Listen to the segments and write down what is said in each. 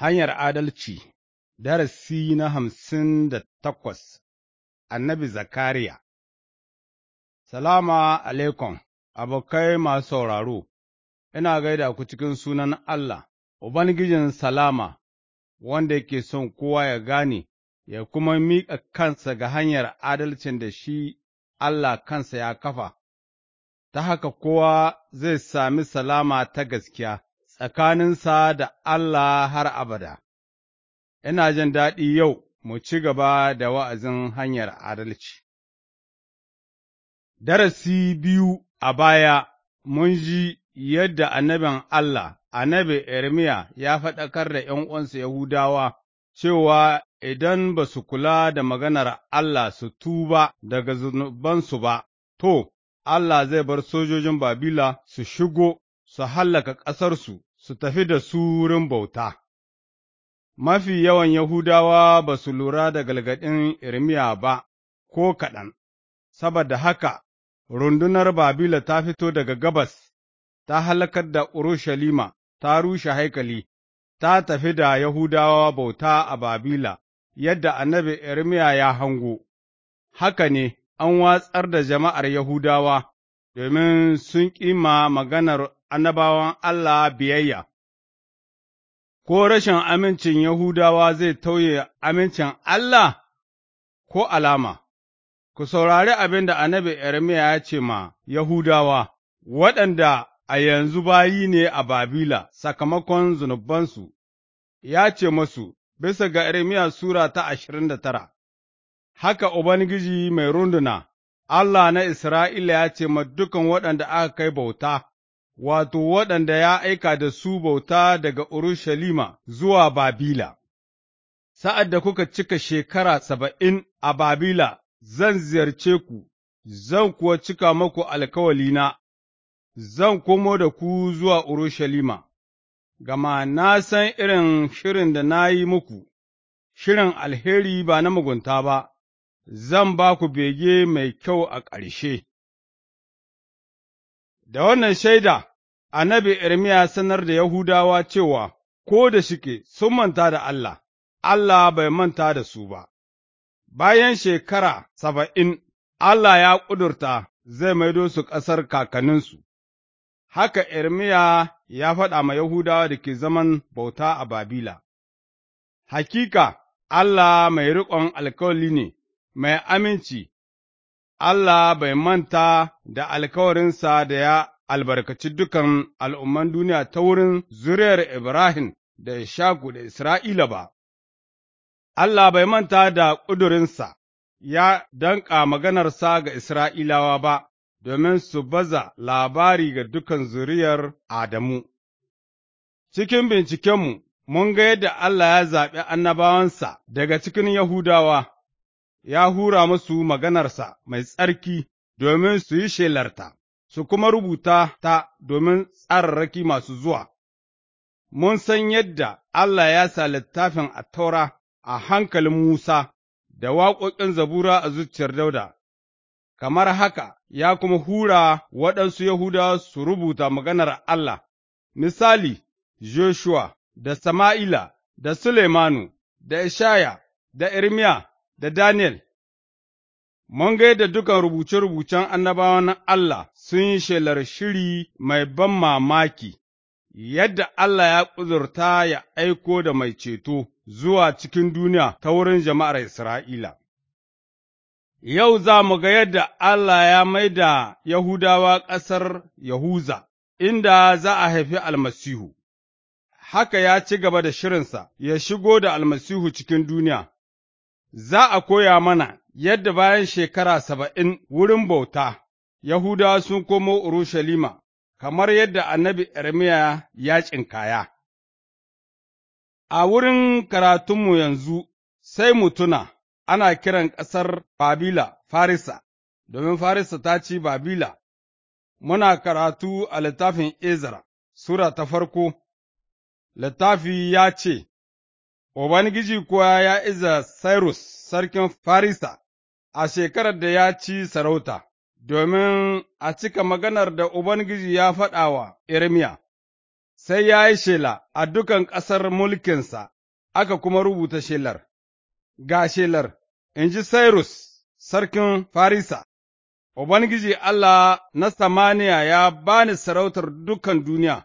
Hanyar Adalci Darasi na hamsin da takwas Annabi Zakariya Salama alaikum, abokai masu sauraro, ina gaida ku cikin sunan Allah, Ubangijin Salama, wanda yake son kowa ya gane, ya kuma miƙa kansa ga hanyar adalcin da shi Allah kansa ya kafa, ta haka kowa zai sami salama ta gaskiya. tsakaninsa da Allah har abada. Ina jin daɗi yau mu ci gaba da wa'azin hanyar adalci. Darasi biyu a baya mun ji yadda annabin Allah, annabi Irmiya ya faɗakar da ’yan'uwansa Yahudawa cewa idan ba su kula da maganar Allah su tuba daga zunubansu ba, to, Allah zai bar sojojin Babila su shigo su hallaka ƙasarsu su tafi da su wurin bauta. Mafi yawan Yahudawa ba su lura da galgadin Irmiya ba ko kaɗan, saboda haka rundunar Babila ta fito daga gabas, ta halakar da Urushalima, ta rushe haikali, ta tafi da Yahudawa bauta a Babila, yadda annabi Irmiya ya hango. Haka ne, an watsar da jama'ar Yahudawa, domin sun ƙima maganar annabawan Allah biyayya, ko rashin amincin Yahudawa zai tauye amincin Allah ko alama, ku saurari abin da annabi Irmiya ya ce ma Yahudawa, waɗanda a yanzu bayi ne a Babila sakamakon zunubansu, ya ce masu bisa ga Irmiya Sura ta ashirin da tara, haka Ubangiji mai runduna, Allah na Isra'ila ya ce ma dukan waɗanda aka kai bauta. wato waɗanda ya aika da su bauta daga Urushalima zuwa Babila. Sa'ad da kuka cika shekara saba'in a Babila, zan ziyarce ku, zan kuwa cika muku alkawalina, zan komo da ku zuwa Urushalima, gama na san irin shirin da na yi muku, shirin alheri ba na mugunta ba, zan ba ku bege mai kyau a ƙarshe. Da wannan shaida, annabi Irmiya sanar da Yahudawa cewa, Ko da shike sun manta da Allah, Allah bai manta da su ba, bayan shekara saba'in, Allah ya ƙudurta zai maido su ƙasar kakanninsu, haka Irmiya ya faɗa ma Yahudawa da ke zaman bauta a Babila, Hakika, Allah mai riƙon alkawali ne, mai aminci, Allah bai manta da alkawarinsa da ya albarkaci dukan al'umman duniya ta wurin zuriyar Ibrahim da Ishaku da Isra'ila ba. Allah bai manta da ƙudurinsa, ya danƙa maganarsa ga Isra'ilawa ba, domin su baza labari ga dukan zuriyar Adamu. Cikin bincikenmu, mun ga yadda Allah ya zaɓi annabawansa daga cikin Yahudawa, ya hura musu maganarsa mai tsarki domin su yi shelarta. su kuma rubuta ta domin tsararraki masu zuwa. Mun san yadda Allah ya sa littafin a taura a hankalin Musa da waƙoƙin zabura a zuciyar Dauda, kamar haka ya kuma hura waɗansu yahuda su rubuta maganar Allah, misali, Joshua da Sama'ila da Suleimanu da Ishaya da Irmiya da Daniel. Mun ga yadda dukan rubuce-rubucen annabawan Allah sun yi shelar shiri mai ban mamaki, yadda Allah ya ƙuzurta ya aiko da mai ceto zuwa cikin duniya ta wurin jama'ar Isra'ila. Yau za mu ga yadda Allah ya maida Yahudawa ƙasar Yahuza, inda za a haifi almasihu, haka ya ci gaba da shirinsa ya shigo da almasihu cikin duniya. Za a koya mana yadda bayan shekara saba'in wurin bauta Yahudawa sun komo Urushalima, kamar yadda annabi Irmiya ya tsinkaya. A wurin karatunmu yanzu sai mu tuna ana kiran ƙasar Babila Farisa, domin Farisa ta ci Babila, muna karatu a littafin Ezra, Sura ta farko, littafi ya ce, Ubangiji kuwa ya iza Cyrus sarkin Farisa a shekarar da ya ci sarauta. domin a cika maganar da Ubangiji ya faɗa wa Irmiya, sai ya yi shela a dukan ƙasar mulkinsa, aka kuma rubuta shelar, ga shelar, in ji Sairus, sarkin Farisa, Ubangiji Allah na samaniya ya ba ni sarautar dukan duniya,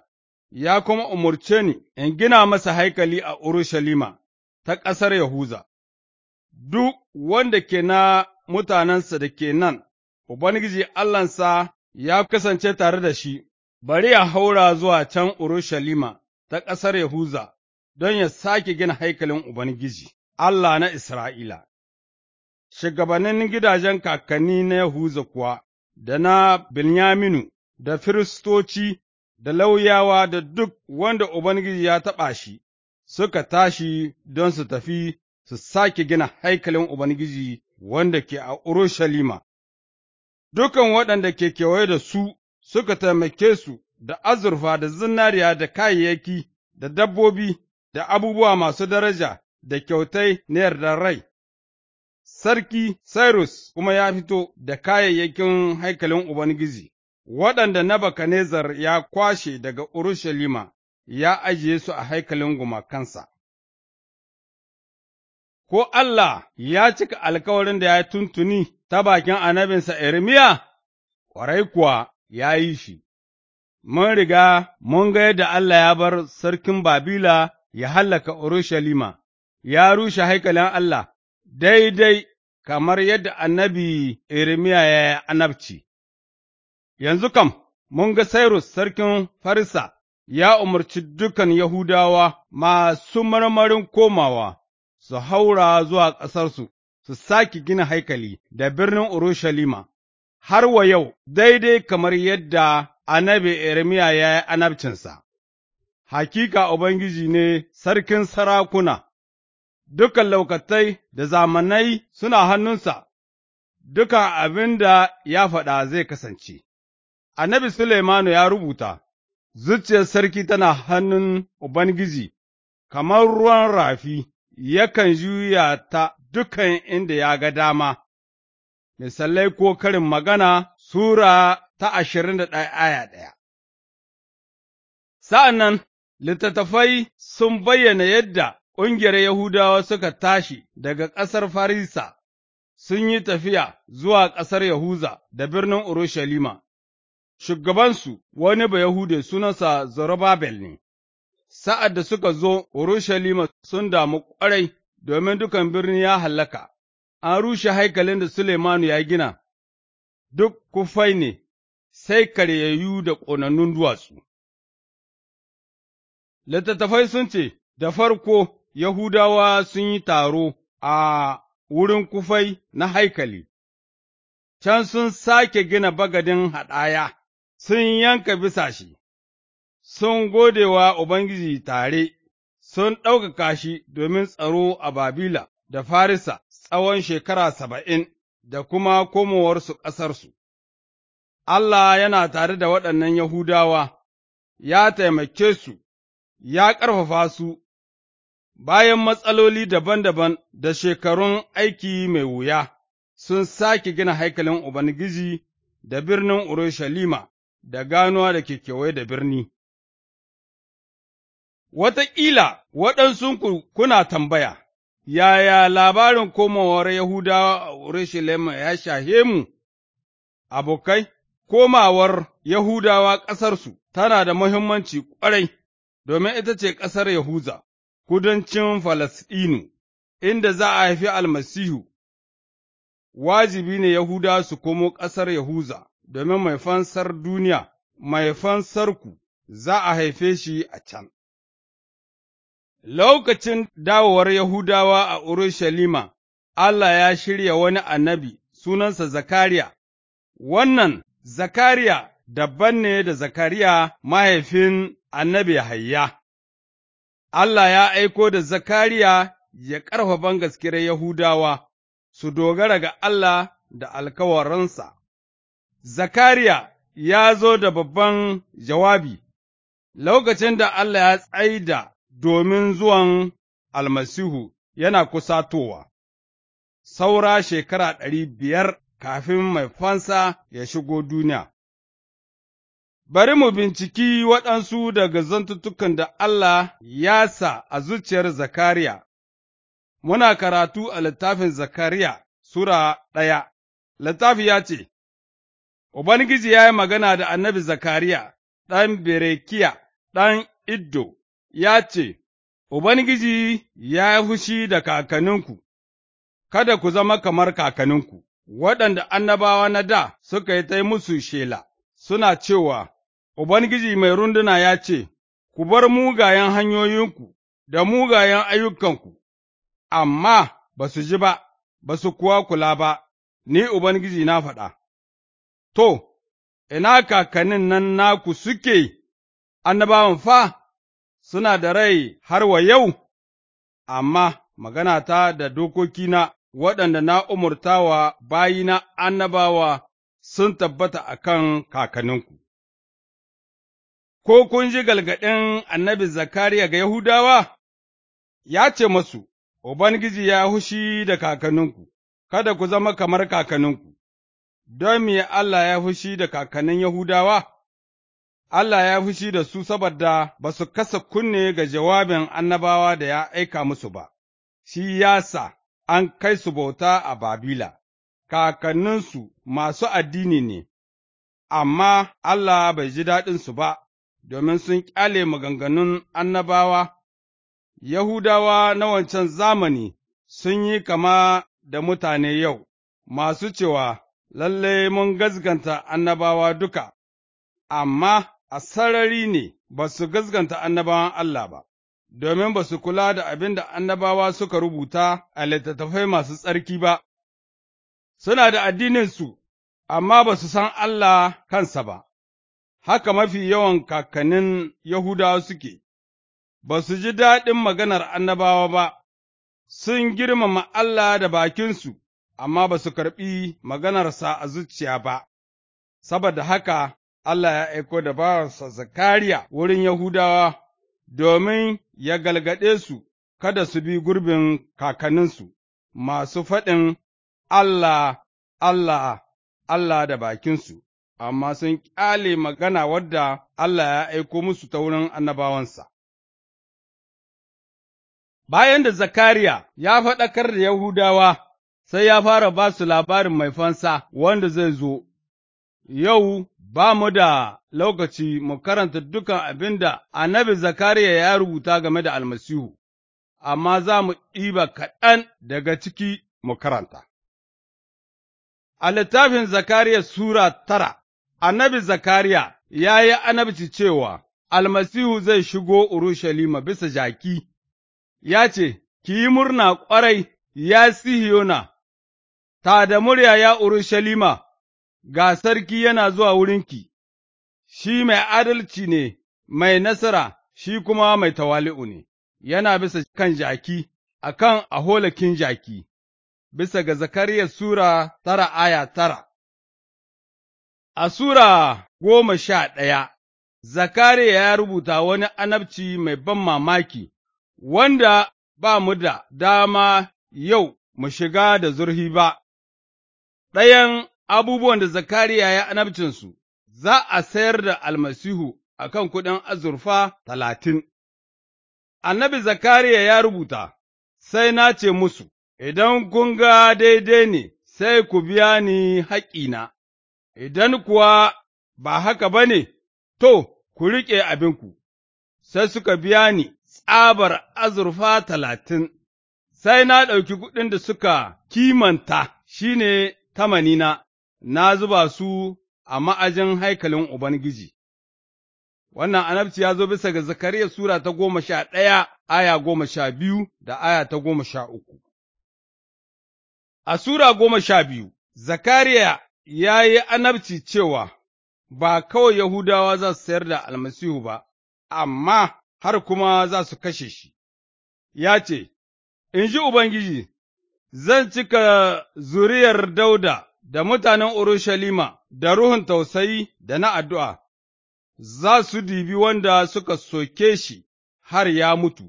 ya kuma umarce ni in gina masa haikali a Urushalima ta ƙasar Yahuza, duk wanda ke na mutanensa da ke nan Ubangiji Allahnsa ya kasance tare da shi, bari ya haura zuwa can Urushalima ta ƙasar Yahuza don ya sake gina haikalin Ubangiji, Allah na Isra'ila. Shugabannin gidajen kakanni na Yahuza kuwa, da na Binyaminu, da Firistoci, da lauyawa, da duk wanda Ubangiji ya taɓa shi, suka tashi don su tafi su sake gina haikalin Ubangiji wanda ke a Urushalima. dukan waɗanda ke kewaye da su suka taimake su da azurfa da zinariya da kayayyaki da dabbobi da abubuwa masu daraja da kyautai na yardar rai. Sarki Cyrus kuma ya fito da kayayyakin haikalin Ubangiji, waɗanda na bakanezar ya kwashe daga Urushalima ya ajiye su a haikalin gumakansa. ko Allah ya cika alkawarin da ya tuntuni ta bakin annabinsa Irmiya, ƙwarai kuwa ya yi shi, mun riga mun ga yadda Allah ya bar sarkin Babila ya hallaka Urushalima, ya rushe haikalin Allah daidai kamar yadda annabi Irmiya ya yi annabci. Yanzu kam, mun ga Sairus sarkin Farisa ya umarci dukan Yahudawa masu marmarin komawa. su haura zuwa ƙasarsu, su sake gina haikali da birnin Urushalima, har wa yau daidai kamar yadda Anabi Irmiya ya yi anabcinsa. Hakika Ubangiji ne sarkin sarakuna, dukan laukatai da zamanai suna hannunsa, dukan abin da ya faɗa zai kasance. Annabi Suleimanu ya rubuta, Zuciyar sarki tana hannun Ubangiji, kamar ruwan rafi, yakan juya ta dukan inda ya ga dama. Misalai ko karin magana Sura ta ashirin da ɗaya aya ɗaya. Sa'an nan, littattafai sun bayyana yadda ƙungiyar Yahudawa suka tashi daga ƙasar Farisa, sun yi tafiya zuwa ƙasar Yahuza da birnin Urushalima, shugabansu wani ba Yahude sunansa Zorobabel ne, sa'ad da suka zo Urushalima sun damu ƙwarai, domin dukan birni ya hallaka, an rushe haikalin da Suleimanu ya gina, duk kufai ne, sai karyayu da ƙonannun duwatsu. Littattafai sun ce, Da farko, Yahudawa sun yi taro a wurin kufai na haikali, can sun sake gina bagadin haɗaya, sun yanka bisa shi, sun gode wa Ubangiji tare, sun ɗaukaka shi domin tsaro a Babila da Farisa tsawon shekara saba'in da kuma komowarsu ƙasarsu. Allah yana tare da waɗannan Yahudawa, ya taimake su, ya ƙarfafa su, bayan matsaloli daban-daban da shekarun aiki mai wuya, sun sake gina haikalin Ubangiji da birnin Urushalima da ganuwa da kekewai da birni. Wataƙila waɗansu kuna tambaya, yaya labarin komawar Yahudawa a Urushalima ya shahe mu, abokai, komawar Yahudawa ƙasarsu tana da muhimmanci ƙwarai, domin ita ce ƙasar Yahuza, kudancin Falasɗinu, inda za a haifi almasihu, wajibi ne Yahudawa su komo ƙasar Yahuza, domin mai fansar duniya, mai fansarku, za a haife shi a can. Lokacin dawowar Yahudawa a Urushalima, Allah ya shirya wani annabi sunansa Zakariya, wannan Zakariya dabban ne da Zakariya mahaifin annabi Hayya. Allah ya aiko da Zakariya ya ƙarfafa gaskiyar Yahudawa su dogara ga Allah da alkawarinsa. Zakariya ya zo da babban jawabi, lokacin da Allah ya tsaida domin zuwan almasihu yana kusa Towa, saura shekara ɗari biyar kafin mai fansa ya shigo duniya. Bari mu binciki waɗansu daga zantuttukan da Allah ya sa a zuciyar Zakariya, muna karatu a littafin Zakariya Sura ɗaya, littafi ya ce, Ubangiji ya yi magana da annabi Zakariya, ɗan Berekiya, ɗan Iddo, ya ce, Ubangiji ya yi fushi da kakaninku, kada ku zama kamar kakaninku, waɗanda annabawa na da suka yi ta musu shela, suna cewa, Ubangiji mai runduna ya ce, Ku bar mugayen hanyoyinku da mugayen ayyukanku, amma ba su ji ba, ba su kuwa kula ba, ni Ubangiji na faɗa. To, ina kakannin nan naku suke, annabawan fa suna da rai har wa yau, amma maganata da dokokina waɗanda na umurta wa bayina annabawa sun tabbata a kan kakanninku. Ko kun ji galgaɗin annabi Zakariya ga Yahudawa, ya ce masu, Ubangiji ya hushi da kakanninku, kada ku zama kamar kakanninku, don me Allah ya hushi da kakannin Yahudawa? Allah ya fushi da su saboda ba su kasa kunne ga jawabin annabawa da ya aika musu ba, shi yasa an kai su bauta a Babila, kakanninsu masu addini ne, amma Allah bai ji daɗinsu ba, domin sun ƙyale maganganun annabawa, Yahudawa na wancan zamani sun yi kama da mutane yau, masu cewa, lallai mun gazganta annabawa duka, amma a sarari ne ba su gaskanta annabawan Allah ba, domin ba su kula da abin da annabawa suka rubuta a littattafai masu tsarki ba, suna da addininsu, amma ba su san Allah kansa ba, haka mafi yawan kakannin Yahudawa suke, ba su ji daɗin maganar annabawa ba, sun girmama Allah da bakinsu, amma ba su karɓi maganarsa a zuciya ba, saboda haka Allah ya aiko da bawansa Zakariya wurin Yahudawa domin ya galgade su kada su bi gurbin kakanninsu masu faɗin Allah, Allah, Allah da bakinsu, amma sun ƙyale magana wadda Allah ya aiko musu ta wurin annabawansa. Bayan da Zakariya ya faɗakar da Yahudawa, sai ya fara ba su labarin mai fansa wanda zai zo, yau ba mu da lokaci mu karanta dukan abin da annabi Zakariya ya rubuta game da almasihu, amma za mu ɗiba kaɗan daga ciki mu karanta. A littafin Zakariya Sura tara, annabi Zakariya ya yi annabci cewa almasihu zai shigo Urushalima bisa jaki, ya ce, Ki yi murna ƙwarai, ya Sihiyona, ta da murya ya Urushalima. Ga sarki yana zuwa wurinki, shi mai adalci ne, mai nasara, shi kuma mai tawali'u ne, yana bisa kan jaki, a kan aholakin jaki, bisa ga Zakariya Sura tara aya tara. A Sura goma sha ɗaya, Zakariya ya rubuta wani anabci mai ban mamaki, wanda ba mu da dama yau mu shiga da zurhi ba. Ɗayan abubuwan da Zakariya ya anabcinsu, za a sayar da almasihu a kan kuɗin azurfa talatin. Annabi Zakariya ya rubuta, sai na ce musu, Idan kun ga daidai ne, sai ku biya ni haƙƙina, idan kuwa ba haka ba ne, to, ku riƙe abinku, sai suka biya ni tsabar azurfa talatin, sai na ɗauki kuɗin da suka kimanta shi ne tamanina, na zuba su a ma'ajin haikalin Ubangiji. Wannan anabci ya zo bisa ga Zakariya Sura ta goma sha ɗaya, aya goma sha biyu da aya ta goma sha uku. A Sura goma sha biyu, Zakariya ya yi anabci cewa ba kawai Yahudawa za su sayar da almasihu ba, amma har kuma za su kashe shi, ya ce, In ji Ubangiji, zan cika zuriyar Dauda da mutanen Urushalima da ruhun tausayi da na addu'a, za su dibi wanda suka soke shi har ya mutu,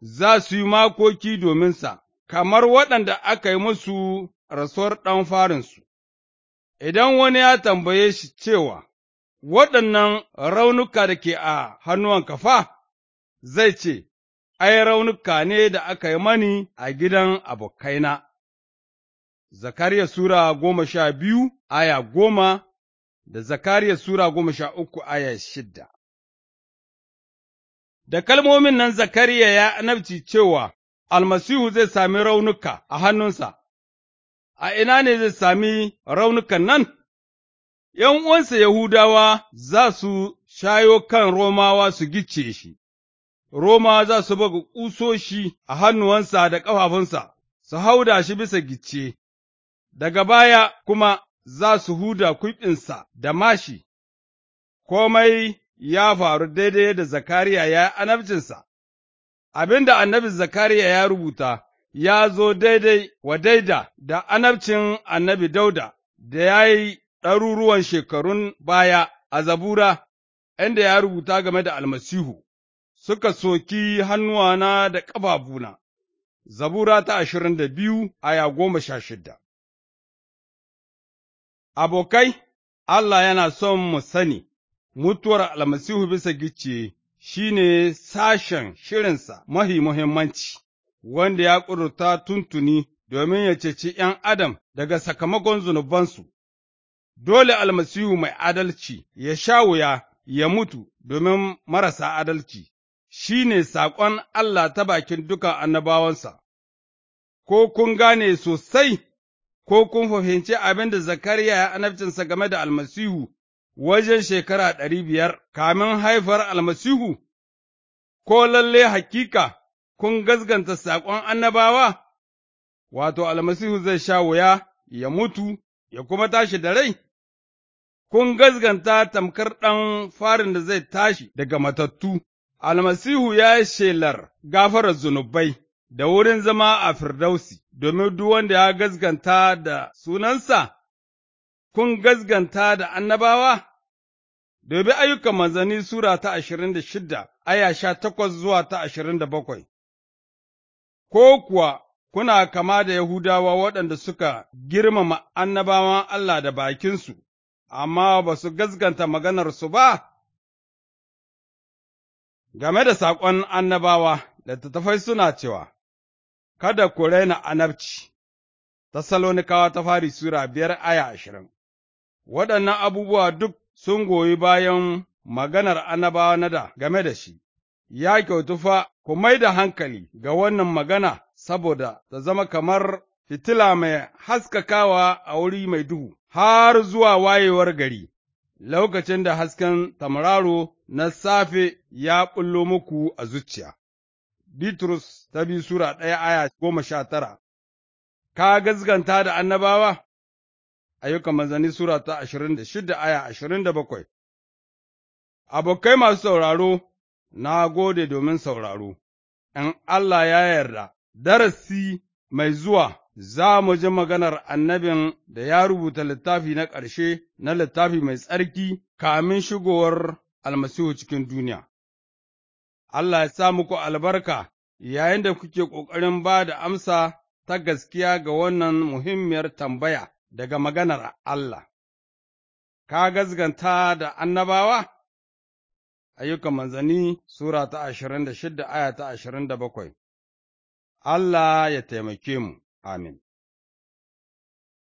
za su yi makoki dominsa, kamar waɗanda aka yi musu rasuwar ɗan farinsu. Idan wani ya tambaye shi cewa, Waɗannan raunuka da ke a hannuwan kafa, zai ce, Ai, raunuka ne da aka yi mani a gidan abokaina. Zakariya Sura goma sha biyu aya goma da Zakariya Sura goma sha uku aya shidda. Da kalmomin nan Zakariya ya anabci cewa almasihu zai sami raunuka a hannunsa, a ina ne zai sami raunukan nan? ’Yan uwansa Yahudawa za su shayo kan Romawa su gice shi, Roma za su buga ƙusoshi a hannuwansa da ƙafafunsa, su hauda shi bisa gice. daga baya kuma za su huda kwiɓinsa da mashi. komai ya faru daidai da Zakariya ya yi annabcinsa, abin da annabi Zakariya ya rubuta ya zo daidai wa daida da annabcin annabi Dauda da ya yi ɗaruruwan shekarun baya a zabura, inda ya rubuta game da almasihu, suka soki hannuwana da ƙafafuna, zabura ta ashirin da biyu aya goma sha shidda. Abokai, Allah yana son mu sani, mutuwar almasihu bisa gicce shi ne sashen shirinsa mahi muhimmanci, wanda ya ƙurta tuntuni domin ya ceci ’yan adam daga sakamakon zunubansu. Dole almasihu mai adalci ya sha wuya ya mutu domin marasa adalci, shi ne saƙon Allah ta bakin dukan annabawansa, ko kun gane sosai ko kun fahimci abin da Zakariya ya anabcinsa game da almasihu wajen shekara ɗari biyar kamin haifar almasihu, ko lalle hakika kun gazganta saƙon annabawa, wato almasihu zai sha wuya ya mutu ya kuma tashi da rai, kun gazganta tamkar ɗan farin da zai tashi daga matattu, almasihu ya shelar gafarar zunubai da wurin zama a Firdausi. domin duk wanda ya gazganta da sunansa, kun gazganta da annabawa? Dobi ayyukan manzanni Sura ta ashirin da shida, aya sha takwas zuwa ta ashirin da bakwai, ko kuwa kuna kama da Yahudawa waɗanda suka girmama annabawan Allah da bakinsu, amma ba su gazganta maganarsu ba? Game da saƙon annabawa, da littattafai suna cewa, kada ku raina anabci, Tassalonikawa ta fari Sura biyar aya ashirin Waɗannan abubuwa duk sun goyi bayan maganar annabawa na da game da shi, ya kyautu fa ku mai da hankali ga wannan magana saboda ta zama kamar fitila mai haskakawa a wuri mai duhu har zuwa wayewar gari, lokacin da hasken tamararo na safe ya ɓullo muku a zuciya. Bitrus ta biyu Sura ɗaya aya goma sha tara Ka gazganta da annabawa? Ayyukan manzanni Sura ta ashirin da shida aya ashirin da bakwai Abokai masu sauraro, na gode domin sauraro, in Allah ya yarda, darasi mai zuwa za mu ji maganar annabin da ya rubuta littafi na ƙarshe na littafi mai tsarki kamin shigowar almasihu cikin duniya. Allah ya sa muku albarka yayin da kuke ƙoƙarin ba da amsa ta gaskiya ga wannan muhimmiyar tambaya daga maganar Allah. Ka gazganta da annabawa? Ayyukan manzanni Sura ta ashirin da shida aya ta ashirin da bakwai Allah ya taimake mu, amin.